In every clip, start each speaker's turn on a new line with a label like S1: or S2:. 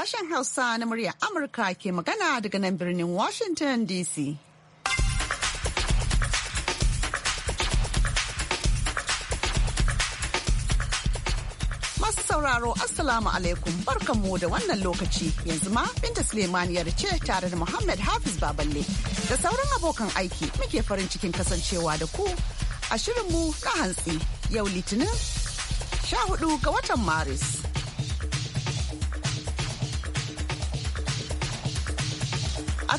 S1: sashen Hausa na muryar Amurka ke magana daga nan birnin Washington DC. Masu sauraro Assalamu alaikum barkanmu da wannan lokaci yanzu ma Binta Sulemaniyar ce tare da Muhammad Hafiz Baballe da sauran abokan aiki muke farin cikin kasancewa da ku a shirinmu na hantsi yau Litinin 14 ga watan Maris.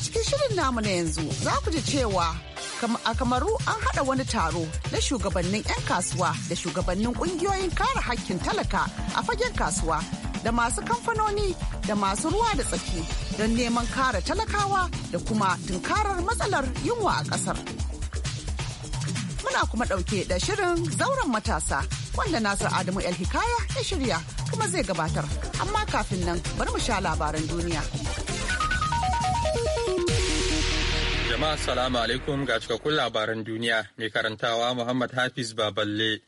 S1: cikin shirin namu na yanzu za ku ji cewa a kamaru an haɗa wani taro na shugabannin 'yan kasuwa da shugabannin ƙungiyoyin kare hakkin talaka a fagen kasuwa da masu kamfanoni da masu ruwa da tsaki don neman kare talakawa da kuma tunkarar matsalar yunwa a ƙasar. Muna kuma ɗauke da shirin zauren matasa wanda Nasir Adamu El Hikaya ya shirya kuma zai gabatar. Amma kafin nan bari mu sha labaran duniya.
S2: Jama'a salamu alaikum ga cikakkun labaran duniya mai karantawa Muhammad Hafiz Baballe.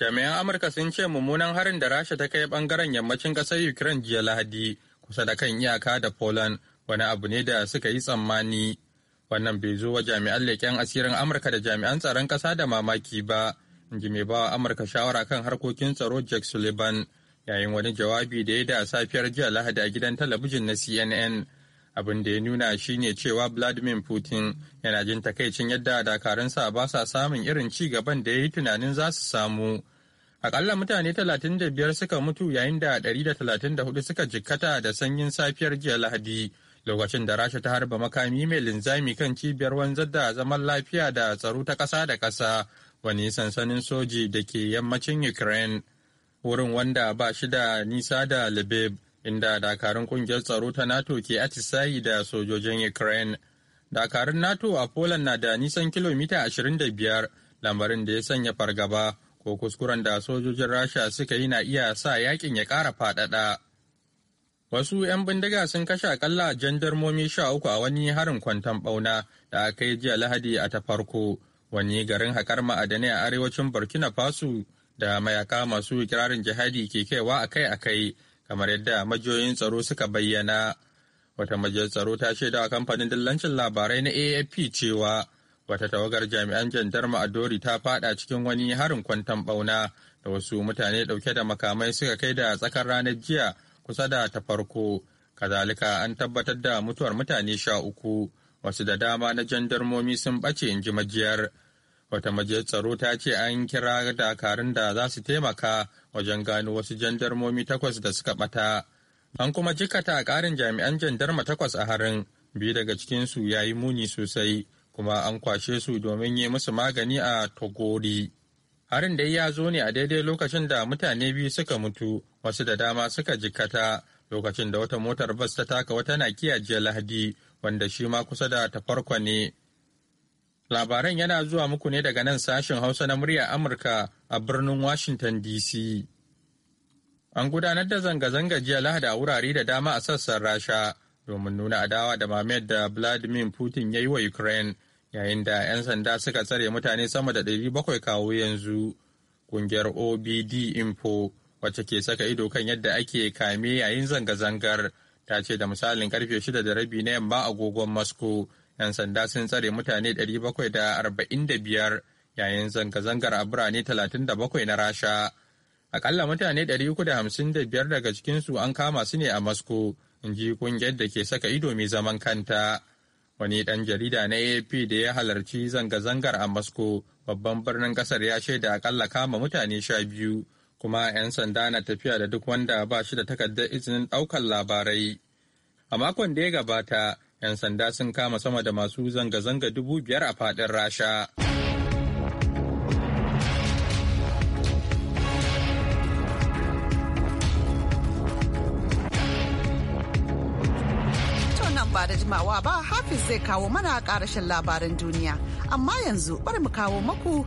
S2: Jami'an Amurka sun ce mummunan harin da Rasha ta kai bangaren yammacin kasar Ukraine jiya Lahadi kusa da kan iyaka da Poland wani abu ne da suka yi tsammani. Wannan bai zo wa jami'an leƙen asirin Amurka da jami'an tsaron ƙasa da mamaki ba, in ji mai bawa Amurka shawara kan harkokin tsaro Jack Sullivan yayin wani jawabi da ya da safiyar jiya Lahadi a gidan talabijin na CNN. abin da ya nuna shine cewa vladimir putin yana jin takaicin yadda dakarunsa ba sa samun irin ci gaban da ya yi tunanin za su samu akalla mutane 35 suka mutu yayin da 134 suka jikkata da sanyin safiyar jiya lahadi lokacin da rasha ta harba makami mai linzami kan cibiyar wanzar da zaman lafiya da tsaro ta ƙasa da ƙasa wani sansanin soji da ke yammacin ukraine wurin wanda ba shi da nisa da lviv inda dakarun kungiyar tsaro ta NATO ke atisayi da sojojin Ukraine. Dakarun NATO a Poland na da nisan kilomita 25 lamarin da ya sanya fargaba ko kuskuren da sojojin Rasha suka yi na iya sa yakin ya ƙara faɗaɗa. Wasu 'yan bindiga sun kashe akalla jandarmomi sha uku a wani harin kwanton ɓauna da aka yi jiya Lahadi a ta farko, wani garin haƙar ma'adanai a arewacin Burkina Faso da mayaka masu ikirarin jihadi ke kaiwa akai-akai kamar yadda majiyoyin tsaro suka bayyana. Wata majiyar tsaro ta shaida a kamfanin dillancin labarai na AFP cewa wata tawagar jami'an jandarma a Dori ta fada cikin wani harin kwantan bauna da wasu mutane dauke da makamai suka kai da tsakar ranar jiya kusa da ta farko. Kazalika an tabbatar da mutuwar mutane sha uku, wasu da dama na jandarmomi sun bace in ji majiyar. Wata majiyar tsaro ta ce an kira dakarun da za su taimaka wajen gano wasu jandarmomi takwas da suka ɓata. An kuma jikata a ƙarin jami'an jandarma takwas a harin, biyu daga cikinsu ya yi muni sosai, kuma an kwashe su domin yi musu magani a Togori. Harin da ya zo ne a daidai lokacin da mutane biyu suka mutu, wasu da dama suka jikata, lokacin da wata motar bas ta taka wata nakiya jiya Lahadi, wanda shi ma kusa da tafarkwa ne. Labaran yana zuwa muku ne daga nan sashen Hausa na murya Amurka a birnin Washington DC. An gudanar da zanga-zanga jiya lahada a wurare da dama a sassan Rasha domin nuna adawa da mamayar da Vladimir Putin ya yi wa Ukraine yayin da 'yan sanda suka tsare mutane sama da 700 kawo yanzu. Kungiyar OBD Info wacce ke saka ido kan yadda ake kame yayin zanga-zangar ta ce da misalin karfe 6 da rabi na yamma agogon Moscow 'Yan sanda sun tsare mutane 745 yayin zanga-zangar a birane 37 na Rasha. Akalla mutane 355 daga cikinsu an kama su ne a masko in ji kungiyar da ke saka ido mai zaman kanta. Wani ɗan jarida na ap da ya halarci zanga-zangar a masko babban birnin ƙasar ya shaida akalla kama mutane sha biyu, kuma 'yan sanda na tafiya da duk wanda ba shi da takardar izinin ɗaukar labarai. A makon da ya gabata, 'yan sanda sun kama sama da masu zanga-zanga dubu biyar a fadin rasha
S1: ba da jimawa ba hafiz zai kawo mana karashin labarin duniya amma yanzu bari mu kawo maku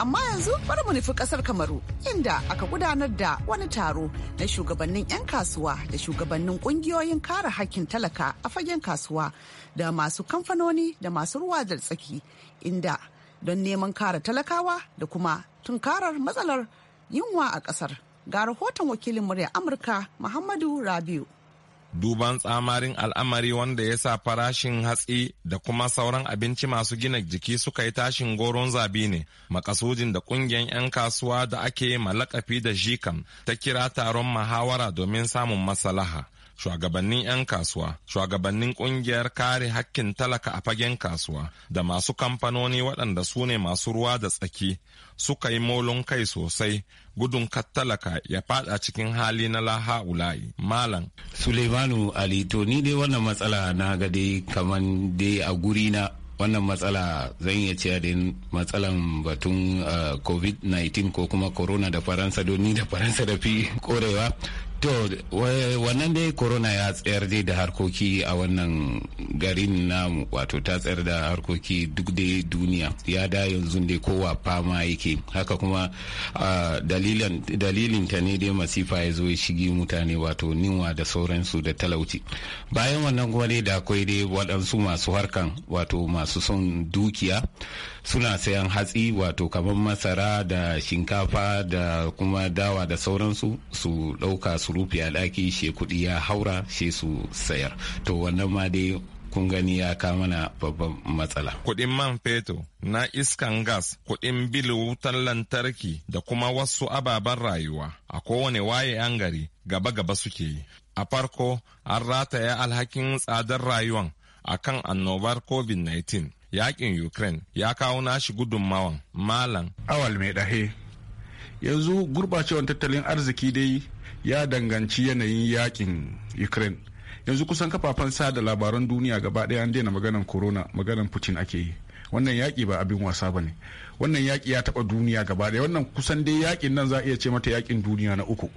S1: amma yanzu bari mu nufi kasar kamaru inda aka gudanar da wani taro na shugabannin 'yan kasuwa da shugabannin kungiyoyin kare hakkin talaka a fagen kasuwa da masu kamfanoni da masu ruwa da tsaki inda don neman kare talakawa da kuma tunkarar matsalar yunwa a kasar ga rahoton wakilin murya amurka muhammadu
S3: rabiu duban tsamarin al'amari wanda ya sa farashin hatsi da kuma sauran abinci masu gina jiki suka yi tashin goron zabi ne makasudin da kungiyar 'yan kasuwa da ake malakafi da jikam ta kira taron mahawara domin samun masalaha shugabannin 'yan kasuwa shugabannin kungiyar kare hakkin talaka a fagen kasuwa da masu kamfanoni waɗanda su ne masu ruwa da tsaki suka yi molon kai sosai gudun kattalaka ya fada cikin hali na laha ulayi
S4: malam suleimanu ali to ni dai wannan matsala na ga dai kaman dai a guri na wannan matsala zan iya cewa da matsalan batun ah, covid-19 ko kuma corona da faransa ni da faransa da fi korewa to wannan dai corona ya tsayar dai da harkoki a wannan garin namu wato ta tsayar da harkoki duk dai duniya ya da yanzu dai kowa fama yake haka kuma dalilin ta ne dai masifa ya zo ya mutane wato ninwa da sauransu da talauci bayan wannan kuma dai da akwai dai waɗansu masu harkan wato masu son dukiya suna sayan hatsi wato kamar masara da shinkafa da kuma dawa da sauransu su ɗauka su rufe a ɗaki she kuɗi ya haura she su sayar to wannan ma dai kun gani ya kama mana babban matsala.
S3: Kuɗin man fetur na iskan gas, kuɗin bil wutar lantarki da kuma wasu ababen rayuwa a kowane waye an gari gaba-gaba suke yi. A farko an rataya alhakin tsadar rayuwan akan annobar COVID-19. yakin ukraine ya kawo nashi gudunmawan malam awal mai dahe
S4: yanzu gurbacewan tattalin arziki dai ya danganci yanayin yakin ukraine yanzu kusan kafafen sada labaran duniya gaba daya an daina maganan corona maganan putin ake yi wannan yaƙi ba abin wasa ba ne wannan yaƙi ya taɓa duniya gaba daya wannan kusan dai yaƙin nan za a iya ce mata yaƙin duniya na uku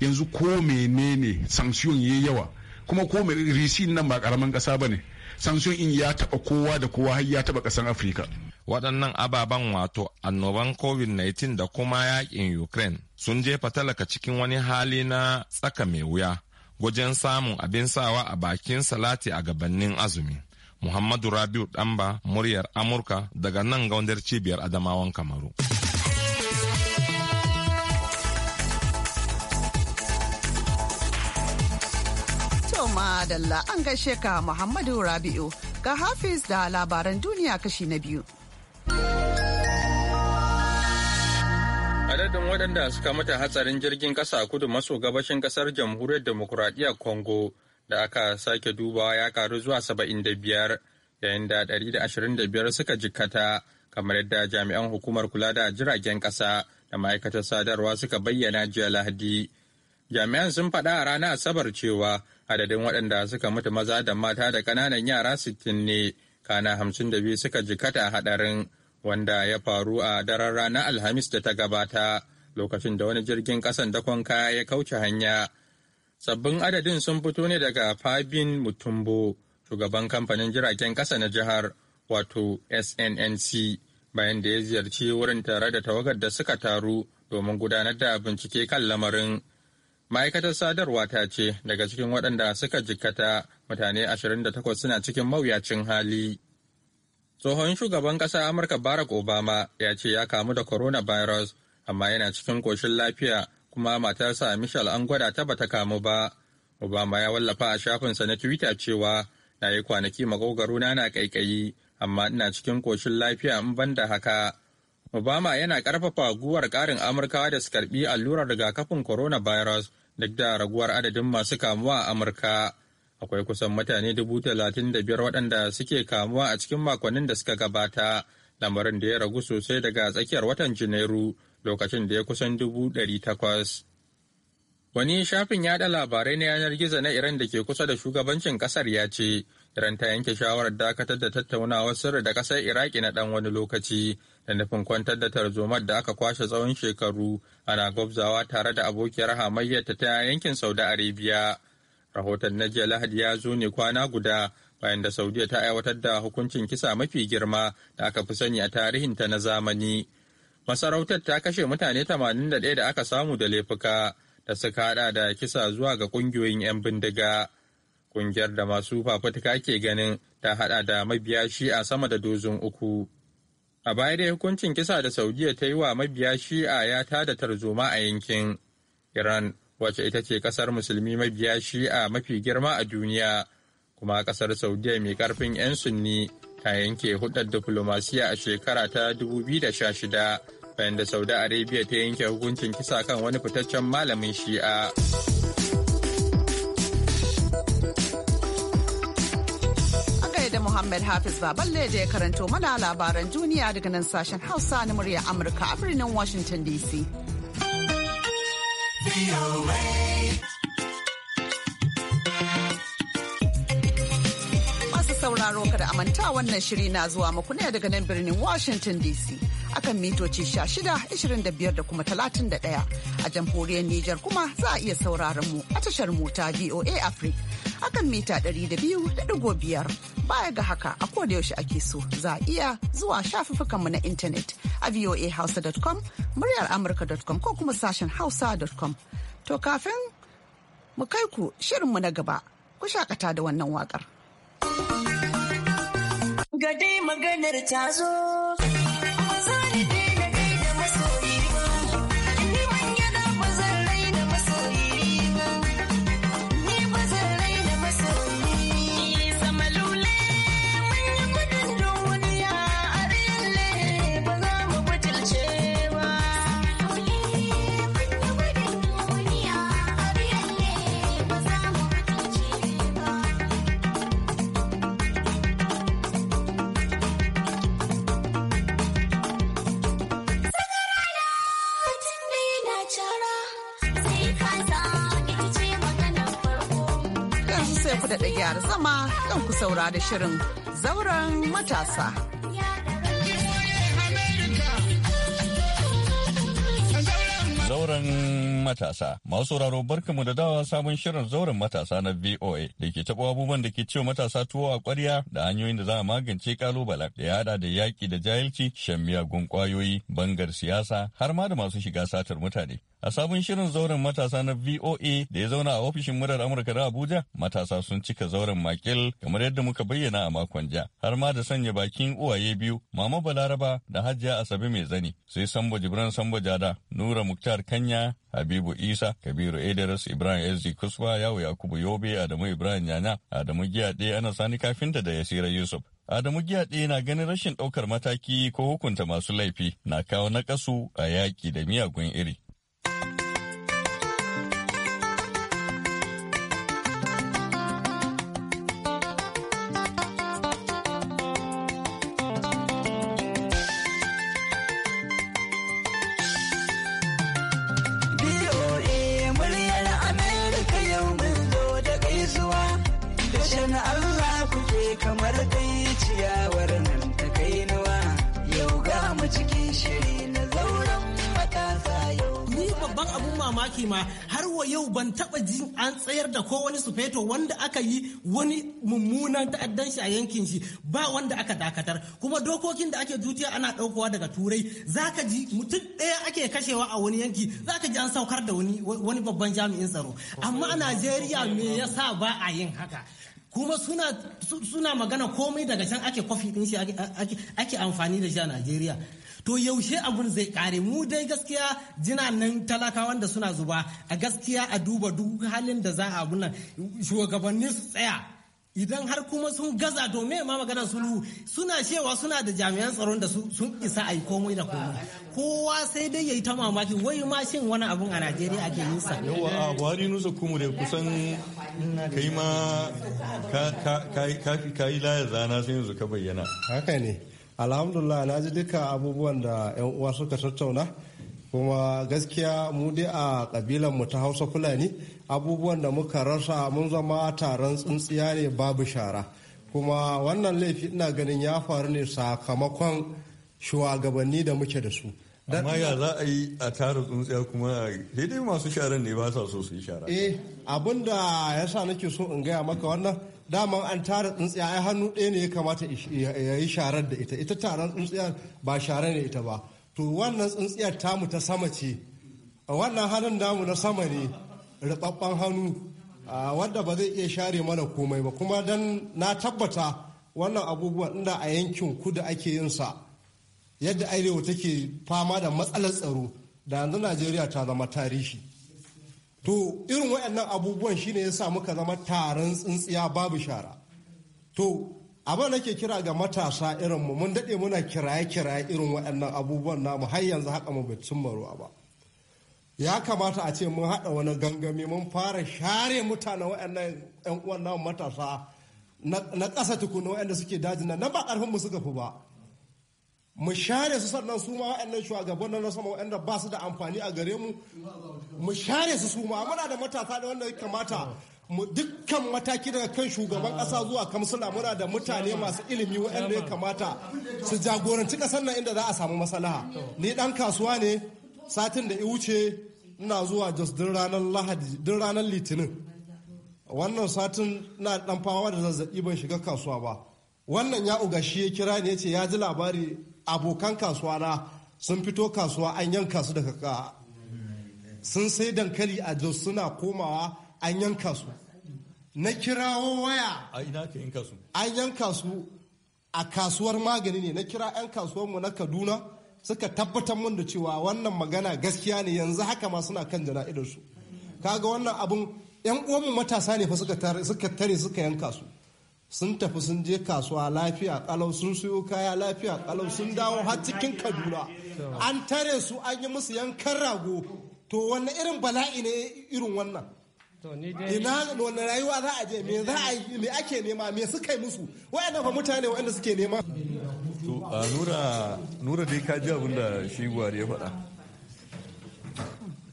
S4: yanzu ko menene sanction yayi yawa kuma ko risin nan ba karamin ƙasa ba ne sansun in ya taba kowa da kowa har ya taba kasan afirka
S3: waɗannan ababen wato annoban covid-19 da kuma yakin ukraine sun jefa talaka cikin wani hali na tsaka mai wuya wajen samun abin sawa a bakin salati a gabanin azumi muhammadu rabiu ɗanba muryar amurka daga nan gaundar cibiyar adamawan kamaru
S1: madalla an gaishe ka Muhammadu Rabi'u ga Hafiz da labaran duniya kashi na biyu.
S2: Adadin waɗanda suka mata hatsarin jirgin ƙasa a kudu maso gabashin ƙasar jamhuriyar demokuraɗiyyar Congo da aka sake dubawa ya karu zuwa 75 yayin da ɗari da 125 suka jikkata kamar yadda jami'an hukumar kula da jiragen ƙasa da ma'aikatar sadarwa suka bayyana jiya lahadi. Jami'an sun faɗa a ranar Asabar cewa adadin waɗanda suka mutu maza da mata da ƙananan yara sittin ne kana hamsin da biyu suka jikata a haɗarin wanda ya faru a daren ranar alhamis da ta gabata lokacin da wani jirgin ƙasan dakon kaya ya kauce hanya sabbin adadin sun fito ne daga fabin mutumbo shugaban kamfanin jiragen ƙasa na jihar wato snnc bayan da ya ziyarci wurin tare da tawagar da suka taru domin gudanar da bincike kan lamarin ma'aikatar sadarwa ta ce daga cikin waɗanda suka jikkata mutane 28 suna cikin mawuyacin hali tsohon shugaban ƙasa amurka barack obama ya ce ya kamu da coronavirus amma yana cikin ƙoshin lafiya kuma matarsa michelle an gwada ta bata kamu ba obama ya wallafa a shafinsa na twitter cewa na yi kwanaki magogaro na na ƙaiƙayi amma ina cikin ƙoshin lafiya in ban da haka obama yana ƙarfafa guwar ƙarin amurkawa da su karɓi allurar rigakafin coronavirus duk da raguwar adadin masu kamuwa a amurka akwai kusan mutane dubu talatin da biyar waɗanda suke kamuwa a cikin makonnin da suka gabata lamarin da ya ragu sosai daga tsakiyar watan janairu lokacin da ya kusan dubu ɗari takwas wani shafin yaɗa labarai na yanar gizo na iran da ke kusa da shugabancin ƙasar ya ce iran ta yanke shawarar dakatar da tattaunawar sirri da ƙasar iraki na ɗan wani lokaci da nufin kwantar da tarzomar da aka kwashe tsawon shekaru ana gwabzawa tare da abokiyar hamayyarta ta yankin saudi arabia rahoton na jiya lahadi ya zo ne kwana guda bayan da saudiya ta aiwatar da hukuncin kisa mafi girma da aka fi sani a tarihinta na zamani masarautar ta kashe mutane 81 da aka samu da laifuka da suka hada da kisa zuwa ga kungiyoyin 'yan bindiga kungiyar da masu fafutuka ke ganin ta hada da mabiya shi a sama da dozin uku A baya dai hukuncin kisa da Saudiya ta yi wa mabiya shi'a ya tada tarzoma a yankin. Iran, wacce ita ce kasar musulmi mabiya shi'a mafi girma a duniya, kuma kasar Saudiya mai karfin 'yan sunni ta yanke hudar diflomasiya a shekara ta 2016 bayan da Saudi Arabia ta yanke hukuncin kisa kan wani fitaccen malamin shi'a.
S1: da Muhammad Hafiz Baballe da ya karanto mana labaran duniya daga nan sashen Hausa na murya Amurka a birnin Washington DC. Masu sauraro kada amanta wannan shiri na zuwa muku ne daga nan birnin Washington DC. akan mitoci 16, 25 da kuma 31 a jamhuriyar Nijar kuma za a iya sauraron mu a tashar mota VOA Africa akan mita 200.5 baya ga haka a koda yaushe ake so za a iya zuwa mu na intanet a voahausa.com muryar amurka.com ko kuma sashen hausa.com to kafin mu kai ku shirinmu na gaba ku shakata da wannan wakar. Gade maganar ta zo. saurari shirin zauren matasa.
S5: Zauren matasa. Masu sauraro barkamu da dawa sabon shirin zauren matasa na VOA da ke taɓa abubuwan da ke cewa matasa tuwo a ƙwarya da hanyoyin da za a magance kalubalen da ya haɗa da yaƙi da jahilci, shan miyagun ƙwayoyi, bangar siyasa har ma da masu shiga satar mutane. A sabon shirin zauren matasa na VOA da ya zauna a ofishin murar Amurka da Abuja, matasa sun cika zauren makil kamar yadda muka bayyana a makon ja, har ma da sanya bakin uwaye biyu, Mama Balaraba da Hajiya Asabe mai zani, sai Sambo Jibran Sambo Jada, Nura Muktar Kanya, Habibu Isa, Kabiru Ederes, Ibrahim SD Kuswa, Yawo Yakubu Yobe, Adamu Ibrahim Yana, Adamu Giyaɗe, Ana Sani Kafinta da ya Yasira Yusuf. Adamu Giyaɗe na ganin rashin ɗaukar mataki ko hukunta masu laifi na kawo nakasu a yaƙi da miyagun iri.
S6: babban abun mamaki ma har wa yau ban taba jin an tsayar da ko wani sufeto wanda aka yi wani mummunan ta'addan shi a yankin shi ba wanda aka dakatar kuma dokokin da ake dutiya ana daukowa daga turai zaka ji mutum ɗaya ake kashewa a wani yanki zaka ji an saukar da wani wani babban jami'in tsaro amma a Najeriya me yasa ba a yin haka kuma suna suna magana komai daga can ake kwafi din shi ake amfani da shi a Najeriya to yaushe abun zai kare mu dai gaskiya jina nan talakawan da suna zuba a gaskiya a duba duk halin da za a nan shugabanni su tsaya idan har kuma sun gaza domin ma maganar sulhu suna cewa suna da jami'an tsaron da sun isa a yi komai da komai kowa sai dai yayi ta mamaki wai ma shin wani abun a najeriya ake yin sa yawa a
S5: buhari nusa kuma da kusan kai ma ka yi layar zana sai yanzu ka bayyana
S7: haka ne alhamdulillah na ji duka abubuwan da 'yan uwa suka tattauna kuma gaskiya mu dai a kabilan mu ta hausa fulani abubuwan da muka rasa mun zama taron tsintsiya ne babu shara kuma wannan laifi ina ganin ya faru ne sakamakon shugabanni da muke da su
S5: amma ya za a yi a tara tsuntsiya kuma daidai masu sharan ne ba sa so su yi shara eh abin ya
S7: sa nake so in gaya maka wannan daman an tara tsuntsiya ai hannu ɗaya ne ya kamata ya yi sharar da ita ita taron tsuntsiya ba share ne ita ba to wannan tsintsiyar tamu ta sama ce wannan hannun damu na sama ne rubabban hannu wadda ba zai iya share mana komai ba kuma dan na tabbata wannan abubuwan inda a yankin kudu ake yin sa yadda arewa take fama da matsalar tsaro da yanzu najeriya ta zama tarihi to irin waɗannan abubuwan shine ya sa muka zama taron tsintsiya babu shara to abin nake kira ga matasa irinmu mun daɗe muna kiraye-kiraye irin waɗannan abubuwan namu har yanzu haka mu bai cimma ruwa ba ya kamata a ce mun haɗa wani gangami mun fara share mutane waɗannan 'yan uwan namu matasa na ƙasa tukuna waɗanda suke dajin nan nan ba ƙarfin mu suka fi ba mu share su sannan su ma wa'annan shugaban na sama wa'anda ba su da amfani a gare mu mu share su su ma muna da matasa da wanda kamata dukkan mataki daga kan shugaban kasa zuwa kamsula muna da mutane masu ilimi waɗanda ya kamata su jagoranci kasar nan inda za a samu masalaha. ni dan kasuwa ne satin da ya wuce ina zuwa jos din ranar lahadi din ranar litinin wannan satin na dan fawa da zazzabi ban shiga kasuwa ba wannan ya uga shi ya kira ne ya ce ya ji labari abokan kasuwa na sun fito kasuwa an yanka su daga ka sun sai dankali a jos suna komawa an yanka su na kirawo waya an yanka su a kasuwar magani ne na kira 'yan kasuwar mu na kaduna suka tabbatar mun da cewa wannan magana gaskiya ne yanzu haka ma suna kan jana'idarsu kaga wannan abun 'yan uwanmu matasa ne fa suka tare suka yanka su sun tafi sun je kasuwa lafiya kalau sun siyo kaya lafiya kalau sun dawo har cikin kaduna an tare su an yi musu yankan rago to wani irin bala'i ne irin wannan
S2: ina wani rayuwa
S7: za a je me za a yi me ake nema me suka yi musu wa'anda fa mutane wa'anda suke nema to
S5: nura nura dai ka ji abin da shi gwari ya faɗa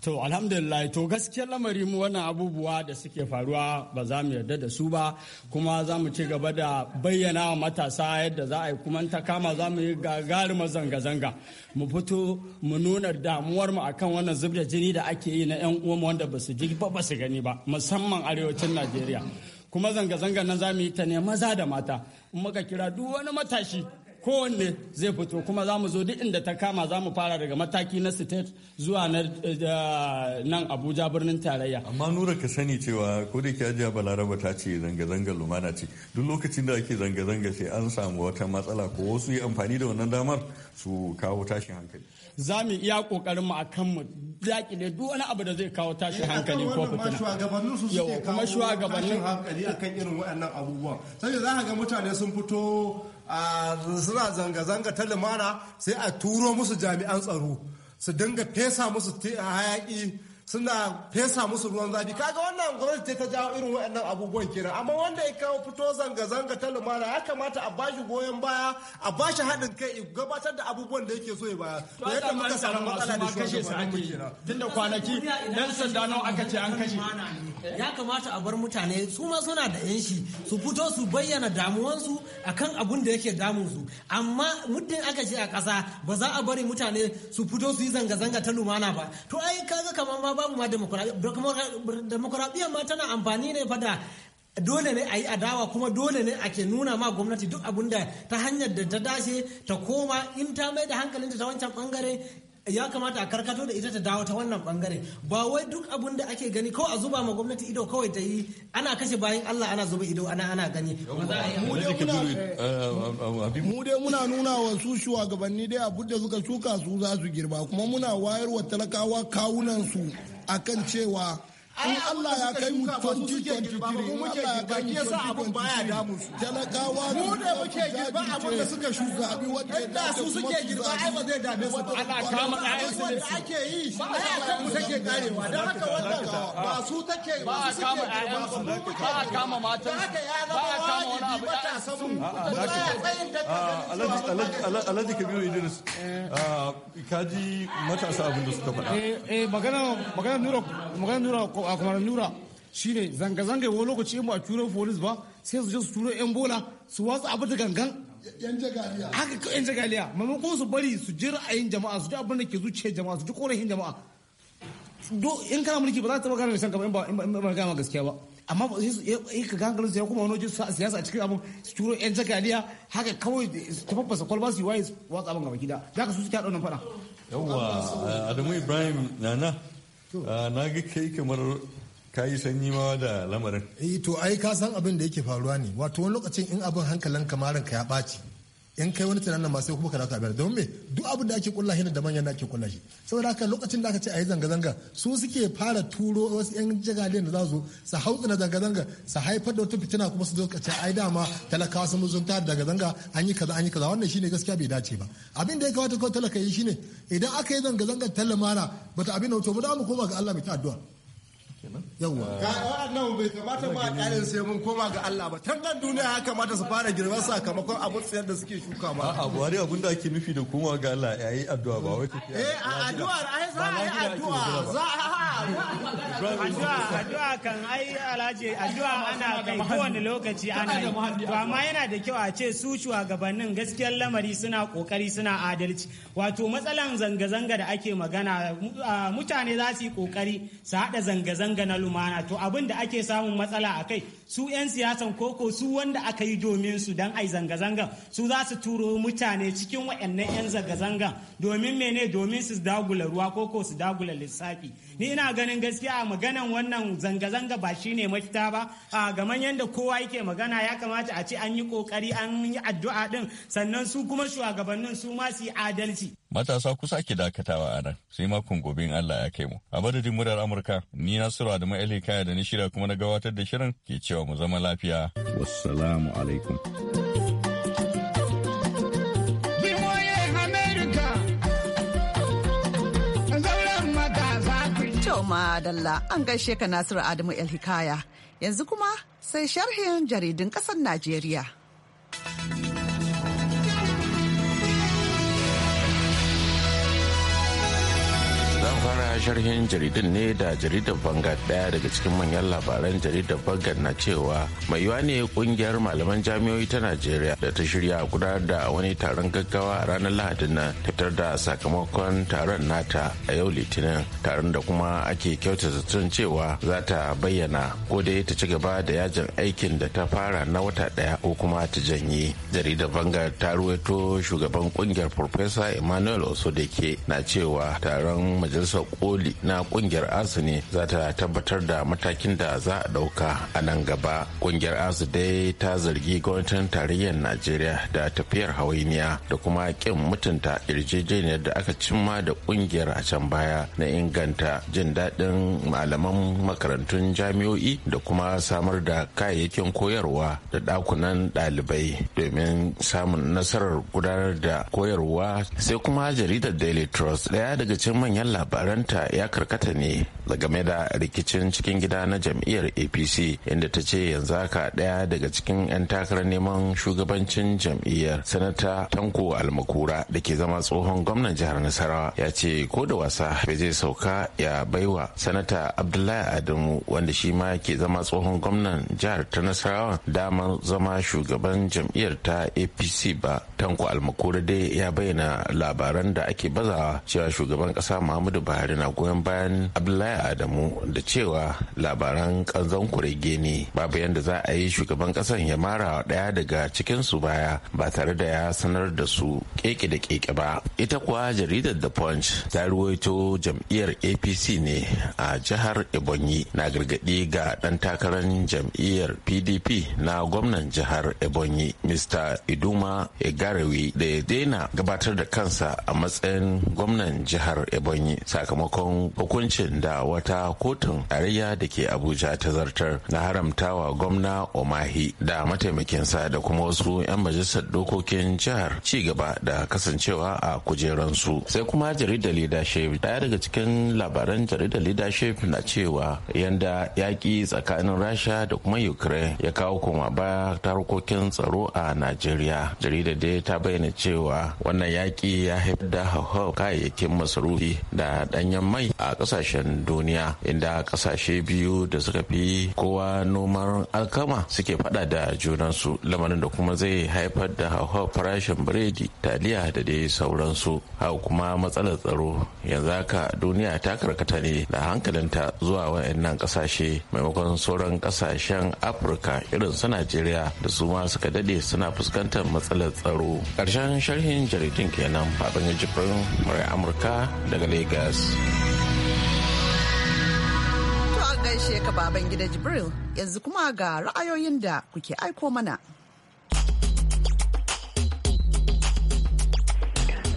S4: To alhamdulillah to gaskiyar lamari mu wannan abubuwa da suke faruwa ba za mu yarda da su ba kuma za mu ci gaba da bayyana wa matasa yadda za a yi kuma ta kama za mu yi gagarumar zanga-zanga mu fito mu nuna damuwar mu akan wannan zub jini da ake yi na yan uwanmu wanda ba su ji ba ba gani ba musamman arewacin Najeriya kuma zanga-zangar nan za mu yi ta ne maza da mata in muka kira duk wani matashi kowanne zai fito kuma za mu zo duk inda ta kama za mu fara daga mataki na state zuwa eh, nan abuja birnin tarayya
S5: amma nura ka sani cewa ko da ke ajiya balaraba ta ce zanga zanga lumana ce duk lokacin da ake zanga-zanga sai an samu wata matsala ko wasu yi amfani da wannan damar su kawo tashin hankali za mu iya kokarin mu
S4: akan mu dakile duk wani abu da zai kawo tashin hankali ko fitina shugabannin su suke kawo tashin hankali
S7: akan irin waɗannan abubuwan sai za ka ga mutane sun fito suna zanga-zanga ta lumana sai a turo musu jami'an tsaro su dinga fesa musu hayaki suna fesa musu ruwan zafi kaga wannan gwamnati ta jawo irin waɗannan abubuwan kenan amma wanda ya kawo fito zanga-zanga ta lumana ya kamata a bashi goyon baya a bashi haɗin kai ya gabatar da abubuwan da yake so ya baya to yadda muka samu matsala da shugaban mu kenan tunda kwanaki dan sanda nawa aka ce an kashe ya
S6: kamata a bar mutane su ma suna da yanci su fito su bayyana damuwansu akan abun da yake damun su amma muddin aka ce a ƙasa ba za a bari mutane su fito su yi zanga-zanga ta lumana ba to ai kaga kamar ma babu ma demokuraɗiyya ma tana amfani ne fa da dole ne a yi adawa kuma dole ne ake nuna ma gwamnati duk abin da ta hanyar da ta dace ta koma in ta mai da hankalinta ta wancan bangare ya kamata a karkato da ita ta dawo ta wannan bangare ba wai duk abun da ake gani kawai a zuba ma gwamnati ido kawai ta yi ana kashe bayan Allah ana zuba ido ana ana gani eh, eh,
S5: eh, mu
S7: dai muna nuna wa su shugabanni dai abu da suka shuka su za su girba kuma muna wayar wa talakawa kawunan su akan cewa ai Allah ya kai mu 2023 Allah ya kai mu 2023 talakawa ne mu da muke girba abun da suka shuka abi wanda da su suke girba ai ba zai dame su ba ana kama ai su da ake yi ba a kan mu take karewa dan haka wannan ba su take ba a kama ɗayan su
S5: ba a kama matan ba a kama wani abu da ga ah, Allah su Alhaji Kabiru Idris eh. ah, kaji matasa abin da suka
S7: faɗa.
S6: Eh magana magana nura magana nura akwai nura shine zanga-zanga wani lokaci in ba a turo polis ba sai su je su turo yan bola su watsa abu da gangan
S4: yan jagaliya
S6: haka ko yan jagaliya ko su bari su ji ra'ayin jama'a su ji abin da ke zuciya jama'a su ji korafin jama'a in kana mulki ba za ta taba gane mai san ka ba in ba gama gaskiya ba amma ba sai su yi ka gangar su ya kuma wani wajen siyasa a cikin abin su turo yan jagaliya haka kawai ta tafafasa kwalba su yi waye watsa abin gaba gida za ka su suke haɗa wannan faɗa
S5: yawwa adamu ibrahim nana Ah, na ga kai kamar ka yi sanyi ma da lamarin.
S7: Eh to ai ka san abin da yake faruwa ne wato wani lokacin in abin hankalin kamarin ka ya ɓaci in kai wani tunanin masu sai kuma ka a ka bayar me duk abin da ake kulla shi da manyan da ake kulla shi saboda haka lokacin da aka ce a yi zanga-zanga su suke fara turo wasu yan jagaliyan da za su su hautsu na zanga-zanga su haifar da wata fitina kuma su zo ka ce ai dama talakawa sun zo ta zanga-zanga an yi kaza an yi kaza wannan shine gaskiya bai dace ba abin da ya kamata kawai talaka yi shine idan aka yi zanga-zanga talamara bata abin da wato ba da mu koma ga Allah mai ta addu'a yawwa ah. nan bai kamata ba a ƙarin sai mun koma ga Allah ba tan duniya ya kamata su fara girman sakamakon abin tsayar da suke shuka
S5: ba. a'a buhari abin da ake nufi da koma ga Allah yayi addu'a ba wai tafiya eh
S6: addu'a ai za a yi addu'a za a addu'a addu'a kan ai alhaji addu'a ana kai kowane lokaci ana yi to amma yana da kyau a ce su shugabannin gaskiyar lamari suna kokari suna adalci wato matsalan zanga-zanga da ake magana mutane za su yi kokari su haɗa zanga-zanga dangana lumana to abin da ake samun matsala a kai su 'yan siyasan koko su wanda aka yi domin su don ai zanga-zangan su za su turo mutane cikin waɗannan 'yan zanga zanga domin mene domin su dagula ruwa koko su dagula lissafi ni ina ganin gaskiya maganan wannan zanga-zanga ba shine mafita ba a gaman yadda kowa yake magana ya kamata a ce an yi kokari an yi addu'a din sannan su kuma shugabannin su ma su yi adalci
S5: matasa kusa ke dakatawa a nan sai makon gobe in Allah ya kai mu a madadin murar Amurka ni Nasiru Adamu Eli da ni shirya kuma na gabatar da shirin ke cewa cewa mu zama lafiya. Wassalamu alaikum.
S1: Madalla Dalla an gaishe ka Nasiru Adamu El Hikaya yanzu kuma sai sharhin jaridun ƙasar Najeriya.
S4: sharhin jaridun ne da jaridar banga daya daga cikin manyan labaran jaridar banga na cewa mai yiwa ne kungiyar malaman jami'oi ta najeriya da ta shirya gudanar da wani taron gaggawa a ranar lahadin nan fitar da sakamakon taron nata a yau litinin taron da kuma ake kyautata tun cewa za ta bayyana ko dai ta ci gaba da yajin aikin da ta fara na wata daya ko kuma ta janye jaridar banga ta ruwaito shugaban kungiyar professor emmanuel osodeke na cewa taron majalisar koli na kungiyar asu ne za ta tabbatar da matakin da za a dauka a nan gaba kungiyar asu dai ta zargi gwamnatin tarayyar najeriya da tafiyar hawainiya da kuma kin mutunta yarjejeniyar da aka cimma da kungiyar a can baya na inganta jin daɗin malaman makarantun jami'o'i da kuma samar da kayayyakin koyarwa da ɗakunan ɗalibai domin samun nasarar gudanar da koyarwa sai kuma jaridar daily trust ɗaya daga cikin manyan labaran ta ya karkata ne game da rikicin cikin gida na jam'iyyar apc inda ta ce yanzu haka ɗaya daga cikin 'yan takarar neman shugabancin jam'iyyar sanata tanko almakura da ke zama tsohon gwamnan jihar nasarawa ya ce ko da wasa bai zai sauka ya baiwa sanata abdullahi adamu wanda shi ma ke zama tsohon gwamnan jihar ta nasarawa damar zama shugaban jam'iyyar ta apc ba tanko almakura dai ya bayyana labaran da ake bazawa cewa shugaban ƙasa muhammadu buhari na goyon bayan abdullahi adamu da cewa labaran kanzon kurege ne babu yadda za a yi shugaban kasan ya mara daya daga cikinsu baya ba tare da ya sanar da su keke da keke ba ita kuwa jaridar the punch ta ruwaito jam'iyyar apc ne a jihar ebonyi na gargadi ga dan takarar jam'iyyar pdp na gwamnan jihar ebonyi mr iduma egarawi da ya daina gabatar da kansa a matsayin gwamnan jihar ebonyi sakamakon sakamakon hukuncin da wata kotun tarayya da ke abuja ta zartar na haramtawa gwamna omahi da mataimakinsa da kuma wasu 'yan majalisar dokokin jihar ci gaba da kasancewa a kujeransu sai kuma jaridar leadership daya daga cikin labaran jaridar leadership na cewa yanda yaƙi tsakanin rasha da kuma ukraine ya kawo koma baya harkokin tsaro a najeriya jaridar dai ta bayyana cewa wannan yaƙi ya haifar da hauhau kayayyakin masarufi da ɗanyen kayan mai a kasashen duniya inda kasashe biyu da suka fi kowa noman alkama suke fada da junansu lamarin da kuma zai haifar da hauhawar farashin biredi taliya da dai sauransu haka kuma matsalar tsaro yanzu haka duniya ta karkata ne da hankalinta zuwa wa'annan kasashe maimakon sauran kasashen afirka irin su najeriya da su ma suka dade suna fuskantar matsalar tsaro Ƙarshen sharhin jaridun kenan babban jibrin murai amurka daga Legas.
S1: To a gaishe ka baban gida Jibril yanzu kuma ga ra'ayoyin da kuke aiko mana.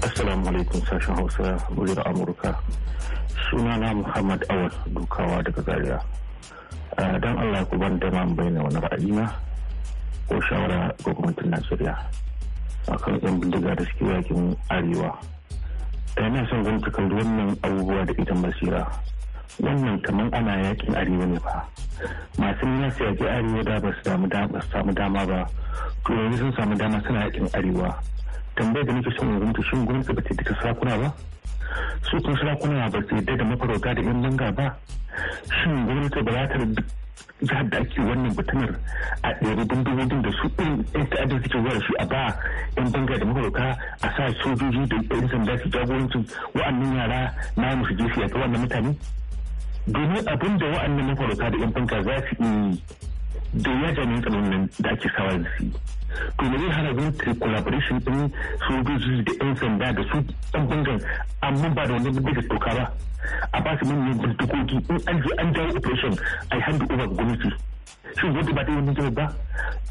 S8: Assalamu alaikum sashen Hausa wajen Amurka. Sunana Muhammad Awal dukawa daga Zaria. Don Allah ku ban dama bayyana wani na, ko shawara gwamnatin Najeriya. akan yan bindiga da suke yakin arewa yana son gwamnati kalli wannan abubuwa da ita masira wannan kamar ana yakin arewa ne ba masu nuna su yaƙi arewa da ba su samu dama ba to yanzu sun samu dama suna yakin arewa tambayar da nake son gwamnati shin gwamnati ba ta yi sarakuna ba su kuma sarakuna ba su yadda da mafarauta da yan banga ba shin gwamnati ba za ta jihar da ake wannan batunar a ɗari bindigogin da su ɗin yan ta'adda suke zuwa su a ba yan banga da mahauka a sa sojoji da yan sanda su jagorancin wa'annan yara na musu jefi a wannan mutane domin abin da wa'annan mafarauta da yan banga za su yi da ya jami'in tsaron nan da ake sawa da su to ne hana gwamnati collaboration ɗin sojoji da yan sanda da su yan bangan amma ba da wani da doka ba a ba su manyan bindigogi in an je an dawo operation a handu over gwamnati shin gwamnati ba ta yi wani jihar ba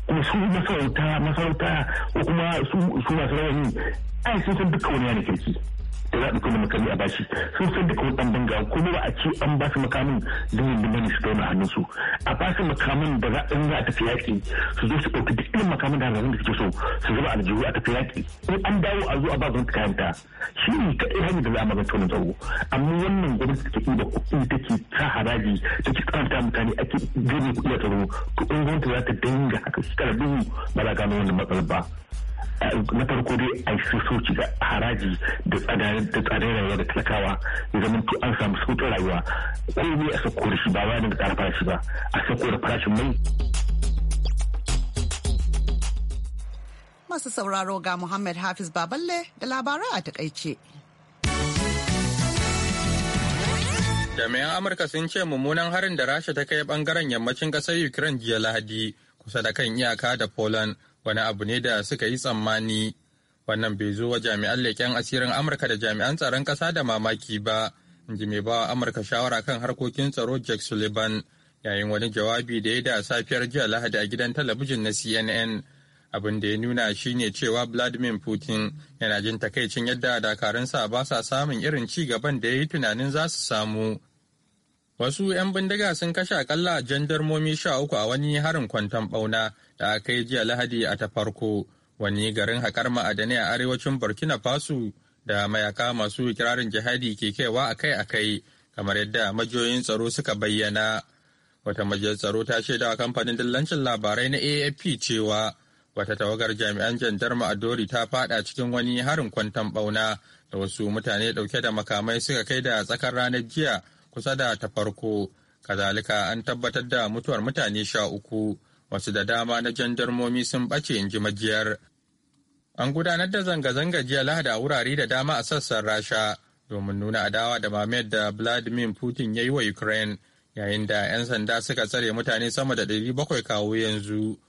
S8: kuma su masarauta masarauta ko kuma su masu rawani ai sun san duka wani yana kirki da za a ɗauki makami a bashi sun san duka wani ɗan banga kuma ba a ce an ba su makamin dinin da mani su hannun hannunsu a ba su makamin da za a za a tafi yaƙi su zo su ɗauki duk irin makamin da hannun da suke so su zama aljihu a tafi yaƙi in an dawo a zo a ba gwamnati ta shi ne kaɗai hanyar da za a magance wani tsaro amma wannan musamman gwamnati take da kuɗi take ta haraji take karanta mutane ake gani kuɗi a tsaro to gwamnati za ta dinga haka shekara duhu ba za gano wannan matsalar ba na farko dai a yi soci ga haraji da tsadar rayuwa da talakawa ya zama to an samu sautin rayuwa ko ne a sauko da shi ba ba da tsara farashi ba a sauko da farashin mai
S1: masu sauraro ga Muhammad Hafiz Baballe da labarai a takaice.
S2: Jami'an Amurka sun ce mummunan harin da Rasha ta kai bangaren yammacin ƙasar Ukraine jiya Lahadi kusa da kan iyaka da Poland wani abu ne da suka yi tsammani. Wannan bai zo wa jami'an leƙen asirin Amurka da jami'an tsaron ƙasa da mamaki ba, in ji mai ba Amurka shawara kan harkokin tsaro Jack Sullivan yayin wani jawabi da ya da safiyar jiya Lahadi a gidan talabijin na CNN abin da ya nuna shine cewa vladimir putin yana jin takaicin yadda dakarunsa ba sa samun irin ci gaban da ya yi tunanin za su samu wasu 'yan bindiga sun kashe akalla jandarmomi sha uku a wani harin kwanton bauna da aka yi jiya lahadi a ta farko wani garin haƙar ma'adanai a arewacin burkina faso da mayaka masu kirarin jihadi ke kaiwa akai-akai kamar yadda majiyoyin tsaro suka bayyana wata majiyar tsaro ta shaidawa kamfanin dillancin labarai na afp cewa wata tawagar jami'an jandarma a dori ta fada cikin wani harin kwantan bauna da wasu mutane dauke da makamai suka kai da tsakar ranar jiya kusa da ta farko kazalika an tabbatar da mutuwar mutane sha uku wasu da dama na jandarmomi sun bace in ji majiyar an gudanar da zanga-zanga jiya lahada a wurare da dama a sassan rasha domin nuna adawa da mamayar da vladimir putin ya yi wa ukraine yayin da 'yan sanda suka tsare mutane sama da 700 kawo yanzu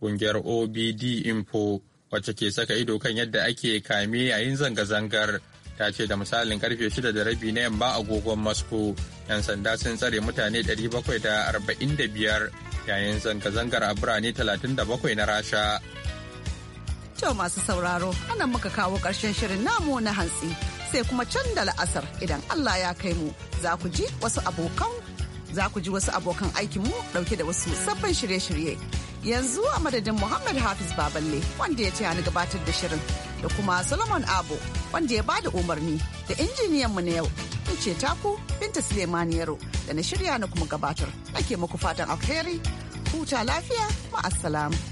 S2: kungiyar OBD Info wacce ke saka ido kan yadda ake kame yayin zanga-zangar ta ce da misalin karfe shida da rabi na yamma agogon masko 'yan sanda sun tsare mutane 745 yayin zanga-zangar a birane 37 na Rasha.
S1: To masu sauraro, anan muka kawo ƙarshen shirin namu na hantsi sai kuma can da la'asar idan Allah ya kai mu za ku ji wasu abokan za ku ji wasu abokan aikinmu ɗauke da wasu sabbin shirye-shirye. yanzu a madadin Muhammad Hafiz Baballe wanda ya taya ni gabatar da shirin da kuma Solomon Abo wanda ya bada umarni da injiniyan mu na yau in ce taku Binta Suleiman Yaro da na shirya na kuma gabatar ake muku fatan alheri huta lafiya ma'assalam.